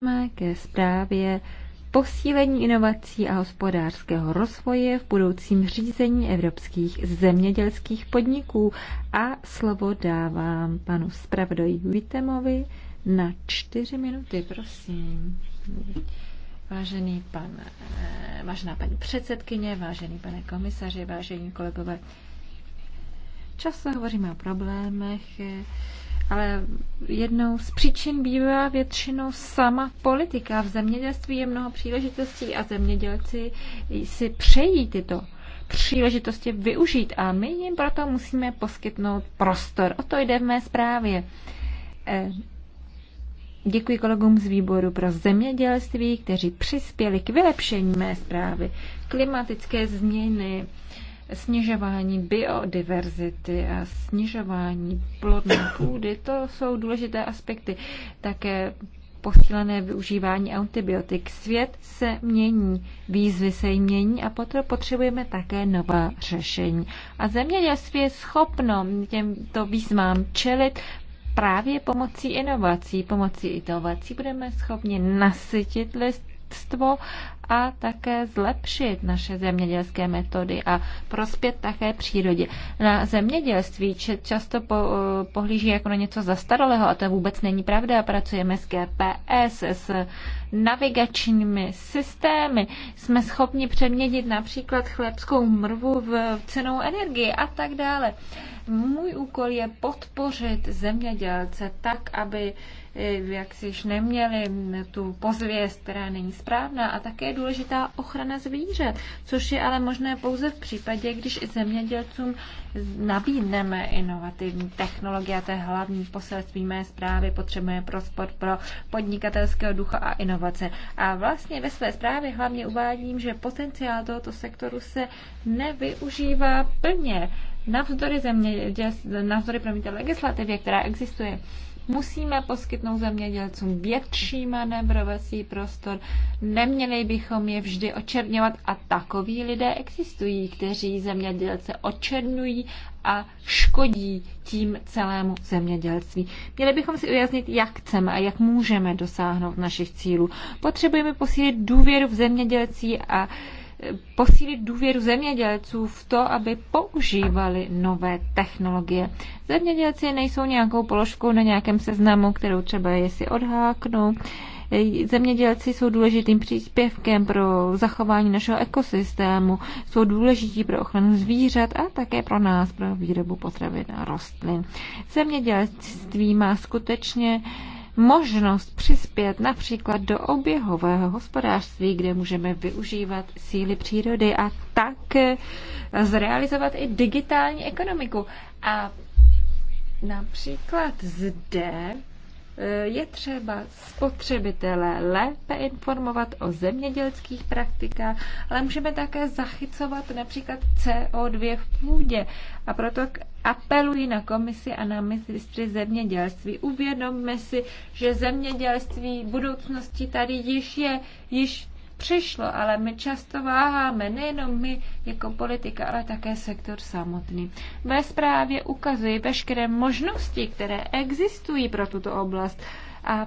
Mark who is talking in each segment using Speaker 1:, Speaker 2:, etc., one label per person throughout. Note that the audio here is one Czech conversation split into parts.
Speaker 1: Přejdeme ke zprávě posílení inovací a hospodářského rozvoje v budoucím řízení evropských zemědělských podniků a slovo dávám panu zpravodaji Vitemovi na čtyři minuty, prosím. Vážený pan, eh, vážená paní předsedkyně, vážený pane komisaři, vážení kolegové, často hovoříme o problémech, ale jednou z příčin bývá většinou sama politika. V zemědělství je mnoho příležitostí a zemědělci si přejí tyto příležitosti využít a my jim proto musíme poskytnout prostor. O to jde v mé zprávě. Eh, děkuji kolegům z výboru pro zemědělství, kteří přispěli k vylepšení mé zprávy. Klimatické změny, snižování biodiverzity a snižování plodné půdy, to jsou důležité aspekty. Také posílené využívání antibiotik. Svět se mění, výzvy se jí mění a potom potřebujeme také nová řešení. A zemědělství je schopno těmto výzvám čelit právě pomocí inovací. Pomocí inovací budeme schopni nasytit list a také zlepšit naše zemědělské metody a prospět také přírodě. Na zemědělství často po, eh, pohlíží jako na něco zastaralého a to vůbec není pravda. Pracujeme s GPS, s navigačními systémy. Jsme schopni přeměnit například chlebskou mrvu v cenou energii a tak dále. Můj úkol je podpořit zemědělce tak, aby eh, jak si již neměli tu pozvěst, která není správná a také důležitá ochrana zvířat, což je ale možné pouze v případě, když zemědělcům nabídneme inovativní technologie. A to je hlavní poselství mé zprávy. Potřebujeme sport, pro podnikatelského ducha a inovace. A vlastně ve své zprávě hlavně uvádím, že potenciál tohoto sektoru se nevyužívá plně navzdory, země, navzdory promiňte, legislativě, která existuje. Musíme poskytnout zemědělcům větší manévrovací prostor, neměli bychom je vždy očerňovat a takoví lidé existují, kteří zemědělce očernují a škodí tím celému zemědělství. Měli bychom si ujasnit, jak chceme a jak můžeme dosáhnout našich cílů. Potřebujeme posílit důvěru v zemědělcí a posílit důvěru zemědělců v to, aby používali nové technologie. Zemědělci nejsou nějakou položkou na nějakém seznamu, kterou třeba je si odháknou. Zemědělci jsou důležitým příspěvkem pro zachování našeho ekosystému, jsou důležití pro ochranu zvířat a také pro nás, pro výrobu potravin a rostlin. Zemědělství má skutečně uh, možnost přispět například do oběhového hospodářství, kde můžeme využívat síly přírody a tak eh, zrealizovat i digitální ekonomiku. A například zde je třeba spotřebitele lépe informovat o zemědělských praktikách, ale můžeme také zachycovat například CO2 v půdě. A proto apeluji na komisi a na ministry zemědělství. Uvědomme si, že zemědělství budoucnosti tady již je, již přišlo, ale my často váháme, nejenom my jako politika, ale také sektor samotný. Ve zprávě ukazují veškeré možnosti, které existují pro tuto oblast a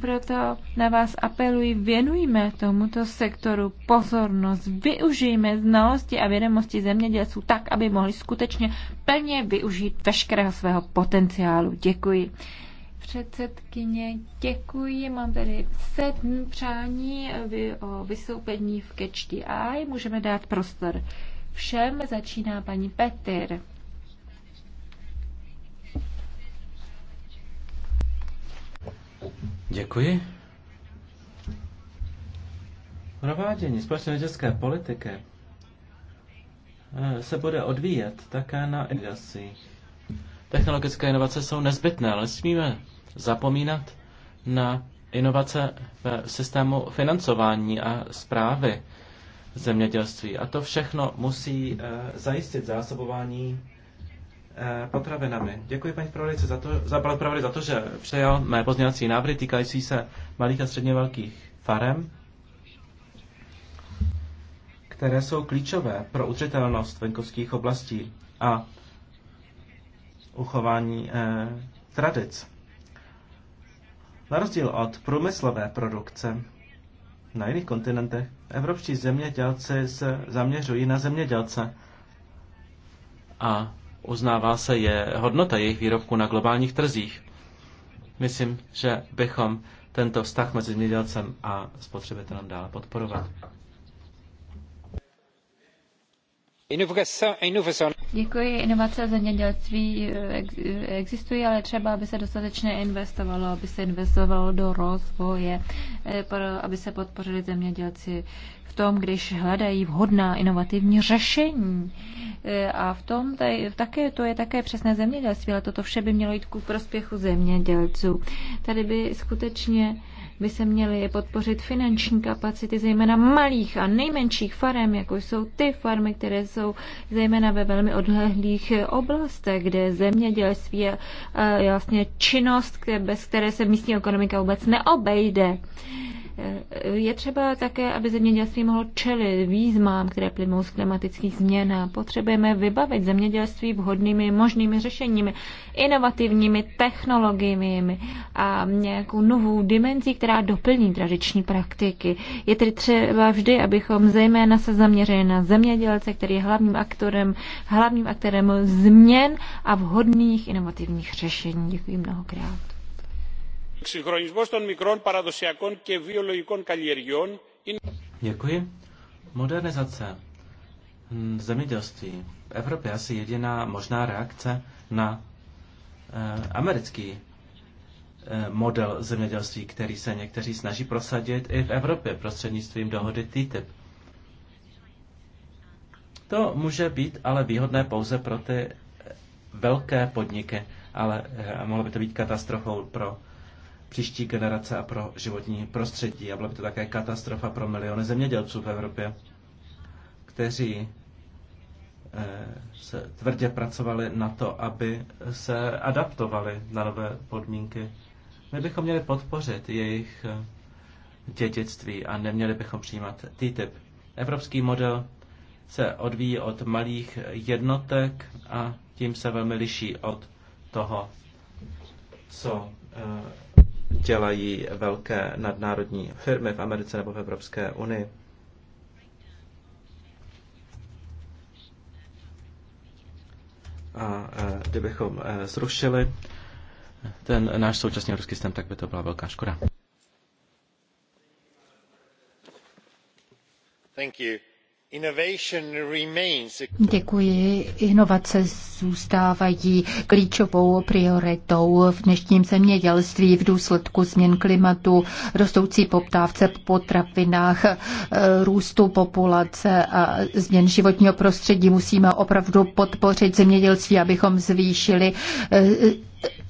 Speaker 1: proto na vás apeluji, věnujme tomuto sektoru pozornost, využijme znalosti a vědomosti zemědělců tak, aby mohli skutečně plně využít veškerého svého potenciálu. Děkuji předsedkyně, děkuji. Mám tady sedm přání eh, o vystoupení v Catch a Můžeme dát prostor všem. Začíná paní Petr.
Speaker 2: Děkuji. Provádění společné dětské politiky eh, se bude odvíjet také na inovacích. Technologické inovace jsou nezbytné, ale smíme zapomínat na inovace v systému financování a zprávy zemědělství. A to všechno musí eh, zajistit zásobování eh, potravinami. Děkuji paní zpravodajce za to, za, za to, že přejal mé pozměňovací návrhy týkající se malých a středně velkých farem, které jsou klíčové pro udržitelnost venkovských oblastí a uchování uh, tradic. Na rozdíl od průmyslové produkce na jiných kontinentech, evropští zemědělci se zaměřují na zemědělce a uznává se je hodnota jejich výrobků na globálních trzích. Myslím, že bychom tento vztah mezi zemědělcem a spotřebitelem dále podporovat.
Speaker 1: Děkuji. Inovace v zemědělství eh, eh, existují, ale třeba, aby se dostatečně investovalo, aby se investovalo do rozvoje, eh, aby se podpořili zemědělci v tom, když hledají vhodná inovativní řešení. A v tom tady, také, to je také přesné zemědělství, ale toto vše by mělo jít ku prospěchu zemědělců. Tady by skutečně by se měly podpořit finanční kapacity zejména malých a nejmenších farem, jako jsou ty farmy, které jsou zejména ve velmi odlehlých oblastech, kde zemědělství je eh, vlastně činnost, bez které se místní ekonomika vůbec neobejde. Je třeba také, aby zemědělství mohlo čelit výzvám, které plynou z klimatických změn. Potřebujeme vybavit zemědělství vhodnými možnými řešeními, inovativními technologiemi a nějakou novou dimenzí, která doplní tradiční praktiky. Je tedy třeba vždy, abychom zejména se zaměřili na zemědělce, který je hlavním aktorem, hlavním aktorem změn a vhodných inovativních
Speaker 2: řešení. Děkuji mnohokrát. Děkuji. Modernizace zemědělství v Evropě asi jediná možná reakce na eh, americký eh, model zemědělství, který se někteří snaží prosadit i v Evropě prostřednictvím dohody TTIP. To může být ale výhodné pouze pro ty velké podniky, ale eh, mohlo by to být katastrofou pro příští generace a pro životní prostředí. A byla by to také katastrofa pro miliony zemědělců v Evropě, kteří eh, se tvrdě pracovali na to, aby se adaptovali na nové podmínky. My bychom měli podpořit jejich eh, dědictví a neměli bychom přijímat TTIP. Evropský model se odvíjí od malých jednotek a tím se velmi liší od toho, co eh, dělají velké nadnárodní firmy v Americe nebo v Evropské unii. A e, kdybychom e, zrušili ten náš současný ruský systém, tak by to byla velká škoda.
Speaker 1: Thank you.
Speaker 3: Děkuji. Inovace zůstávají klíčovou prioritou v dnešním zemědělství v důsledku změn klimatu, rostoucí poptávce po potravinách, eh, růstu populace a změn životního prostředí. Musíme opravdu podpořit zemědělství, abychom zvýšili eh,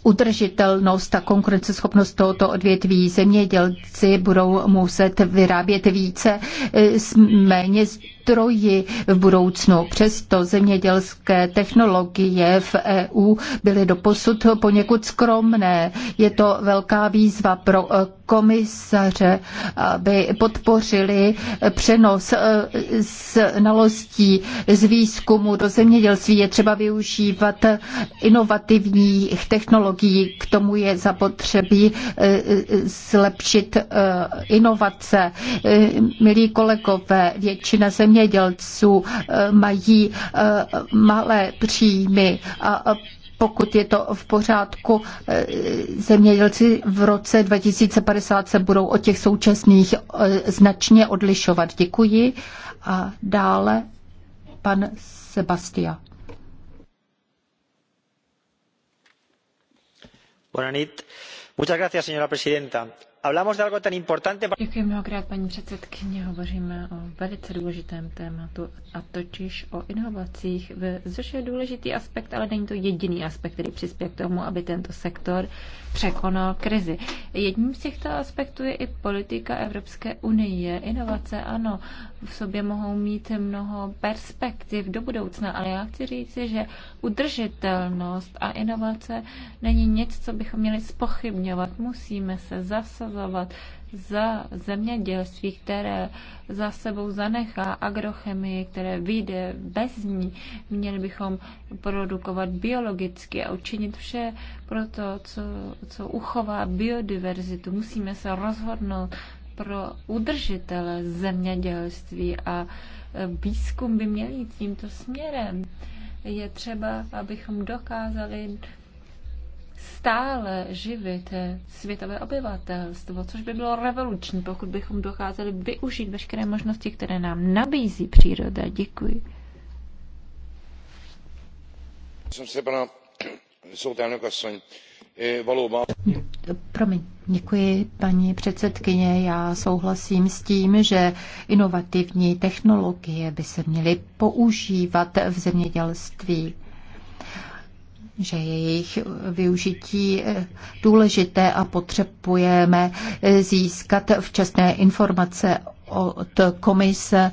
Speaker 3: udržitelnost a konkurenceschopnost tohoto odvětví. Zemědělci budou muset vyrábět více eh, s méně stroji v budoucnu. Přesto zemědělské technologie v EU byly doposud poněkud skromné. Je to velká výzva pro eh, komisaře, aby podpořili eh, přenos eh, znalostí z výzkumu do zemědělství. Je třeba využívat inovativních technologií. K tomu je zapotřebí zlepšit inovace. Milí kolegové, většina země zemědělců eh, mají eh, malé příjmy a pokud je to v pořádku, eh, zemědělci v roce 2050 se budou od těch současných značně odlišovat. Děkuji. A dále pan Sebastia. Buenas noches. Muchas gracias, señora presidenta. Hablamos de algo tan importante...
Speaker 1: Děkuji mnohokrát, paní předsedkyně. Hovoříme o velice důležitém tématu, a totiž o inovacích, což je důležitý aspekt, ale není to jediný aspekt, který přispěje k tomu, aby tento sektor překonal krizi. Jedním z těchto aspektů je i politika Evropské unie. Inovace, ano, v sobě mohou mít mnoho perspektiv do budoucna, ale já chci říci, že udržitelnost a inovace není nic, co bychom měli spochybňovat. Musíme se zasazovat prosazovat za zemědělství, které za sebou zanechá agrochemii, které vyjde bez ní. Měli bychom produkovat biologicky a učinit vše pro to, co, co uchová biodiverzitu. Musíme se rozhodnout pro udržitele zemědělství a e, výzkum by měl jít tímto směrem. Je třeba, abychom dokázali stále živit světové obyvatelstvo, což by bylo revoluční, pokud bychom docházeli využít veškeré možnosti, které nám nabízí příroda. Děkuji.
Speaker 3: E, Promiň, děkuji paní předsedkyně. Já souhlasím s tím, že inovativní technologie by se měly používat v zemědělství že je jejich využití eh, důležité a potřebujeme eh, získat včasné informace od komise,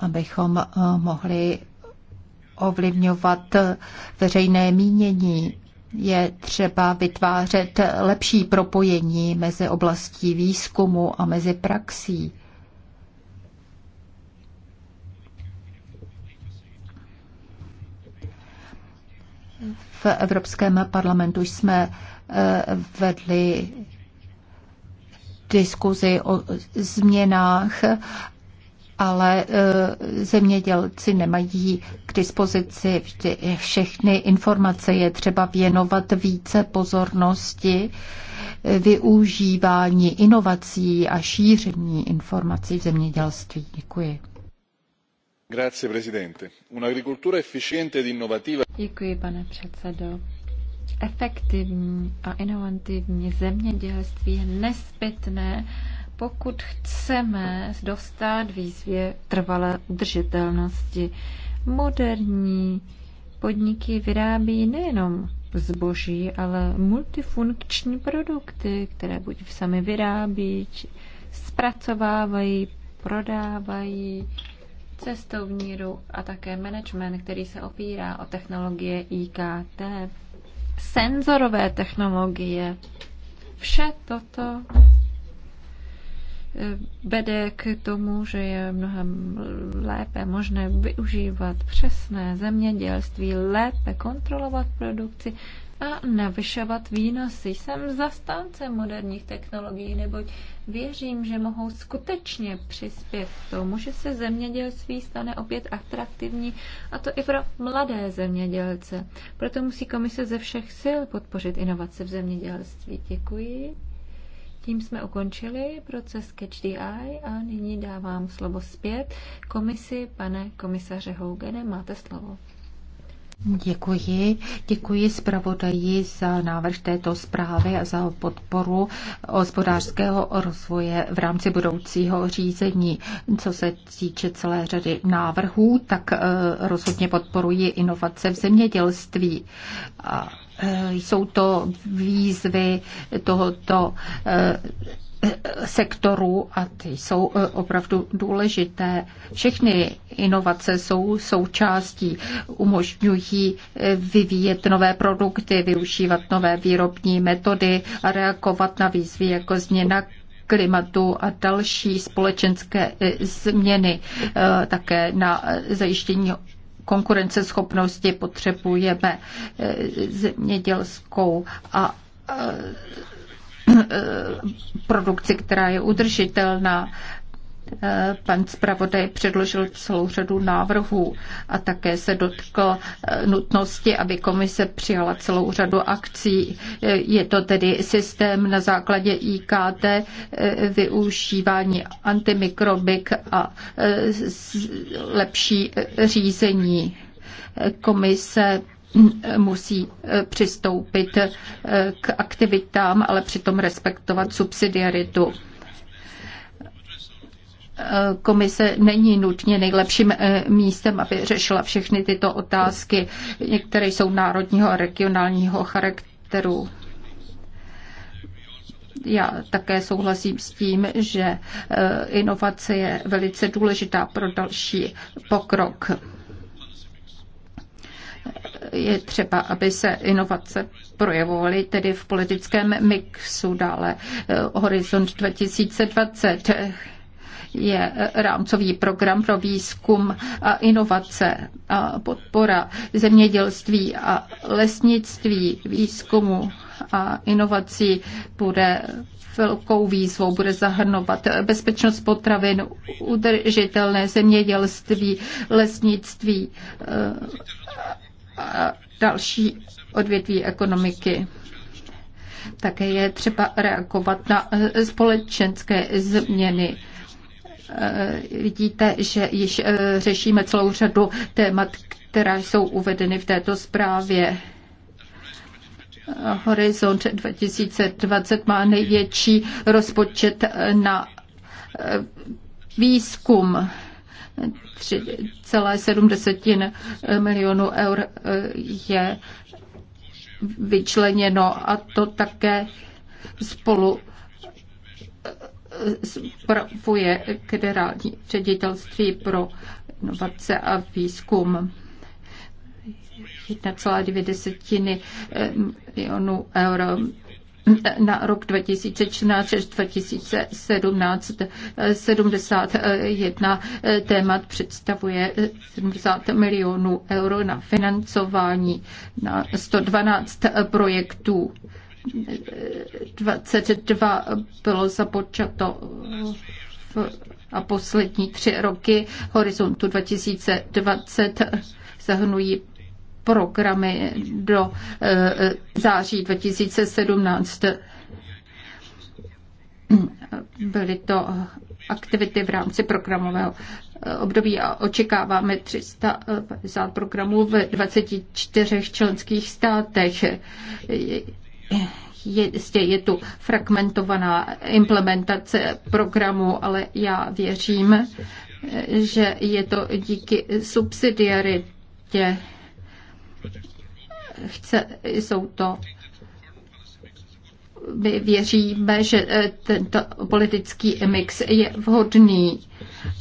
Speaker 3: abychom eh, mohli ovlivňovat veřejné mínění. Je třeba vytvářet lepší propojení mezi oblastí výzkumu a mezi praxí. Evropském parlamentu jsme eh, vedli diskuzi o změnách, ale eh, zemědělci nemají k dispozici vždy všechny informace. Je třeba věnovat více pozornosti eh, využívání inovací a šíření informací v zemědělství. Děkuji pane předsedající Efektivní
Speaker 1: a inovativní zemědělství je nezbytné, pokud chceme dostát výzvě trvalé udržitelnosti. Moderní podniky vyrábí nejenom zboží, ale multifunkční produkty, které buď sami vyrábí, zpracovávají, prodávají cestovní ruch a také management, který se opírá o technologie IKT, senzorové technologie. Vše toto vede k tomu, že je mnohem lépe možné využívat přesné zemědělství, lépe kontrolovat produkci a navyšovat výnosy. Jsem zastáncem moderních technologií, neboť věřím, že mohou skutečně přispět k tomu, že se zemědělství stane opět atraktivní, a to i pro mladé zemědělce. Proto musí komise ze všech sil podpořit inovace v zemědělství. Děkuji. Tím jsme ukončili proces Catch the Eye a nyní dávám slovo zpět komisi, pane komisaře Hougene, máte slovo.
Speaker 3: Děkuji. Děkuji zpravodaji za návrh této zprávy a za podporu hospodářského rozvoje v rámci budoucího řízení. Co se týče celé řady návrhů, tak eh, rozhodně podporuji inovace v zemědělství. Eh, jsou to výzvy tohoto eh, sektorů a ty jsou e, opravdu důležité. Všechny inovace jsou součástí, umožňují e, vyvíjet nové produkty, využívat nové výrobní metody a reagovat na výzvy jako změna klimatu a další společenské e, změny, také na zajištění konkurenceschopnosti potřebujeme zemědělskou a Eh, produkci, která je udržitelná. Eh, pan zpravodaj předložil celou řadu návrhů a také se dotkl eh, nutnosti, aby komise přijala celou řadu akcí. Je to tedy systém na základě IKT, využívání antimikrobik a lepší řízení. Komise musí eh, přistoupit eh, k aktivitám, ale přitom respektovat subsidiaritu. Eh, komise není nutně nejlepším místem, aby řešila všechny tyto otázky. Některé jsou národního a regionálního charakteru já také souhlasím s tím, že inovace je velice důležitá pro další pokrok je třeba, aby se inovace projevovaly tedy v politickém mixu dále. Eh, Horizont 2020 je rámcový program pro výzkum a inovace a podpora zemědělství a lesnictví, výzkumu a inovací bude velkou výzvou, bude zahrnovat bezpečnost potravin, udržitelné zemědělství, lesnictví eh, a další odvětví ekonomiky. Také je třeba reagovat na e, společenské změny. E, vidíte, že již e, řešíme celou řadu témat, která jsou uvedeny v této zprávě. Horizont 2020 má největší rozpočet na výzkum. 3,7 milionů eur eh, je vyčleněno a to také spolu eh, spravuje generální ředitelství pro inovace a výzkum. 1,2 eh, milionů eur na rok 2014 až 2017 71 témat představuje 70 milionů euro na financování na 112 projektů. 22 bylo započato a poslední tři roky horizontu 2020 zahrnují programy do eh, eh, září 2017. Byly to aktivity v rámci programového eh, období a očekáváme 350 programů v 24 členských státech. Jistě je tu fragmentovaná implementace programu, ale já věřím, že je to díky subsidiaritě Chce, jsou to my věříme, že eh, tento politický mix je vhodný.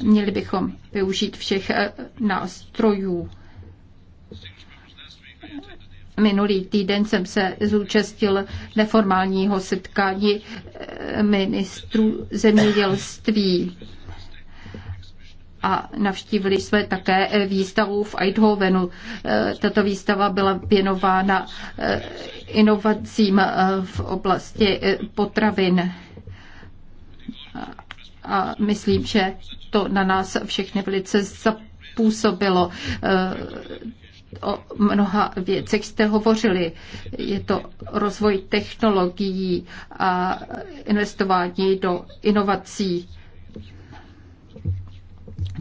Speaker 3: Měli bychom využít všech eh, nástrojů. Minulý týden jsem se zúčastil neformálního setkání eh, ministrů zemědělství a navštívili jsme také eh, výstavu v Eidhovenu. Eh, tato výstava byla věnována eh, inovacím v oblasti potravin. A myslím, že to na nás všechny velice zapůsobilo. O mnoha věcech jste hovořili. Je to rozvoj technologií a investování do inovací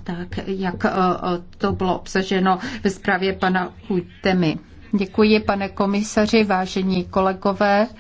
Speaker 3: tak jak eh, eh, to bylo obsaženo ve zprávě pana Uitemy. Děkuji, pane komisaři, vážení kolegové.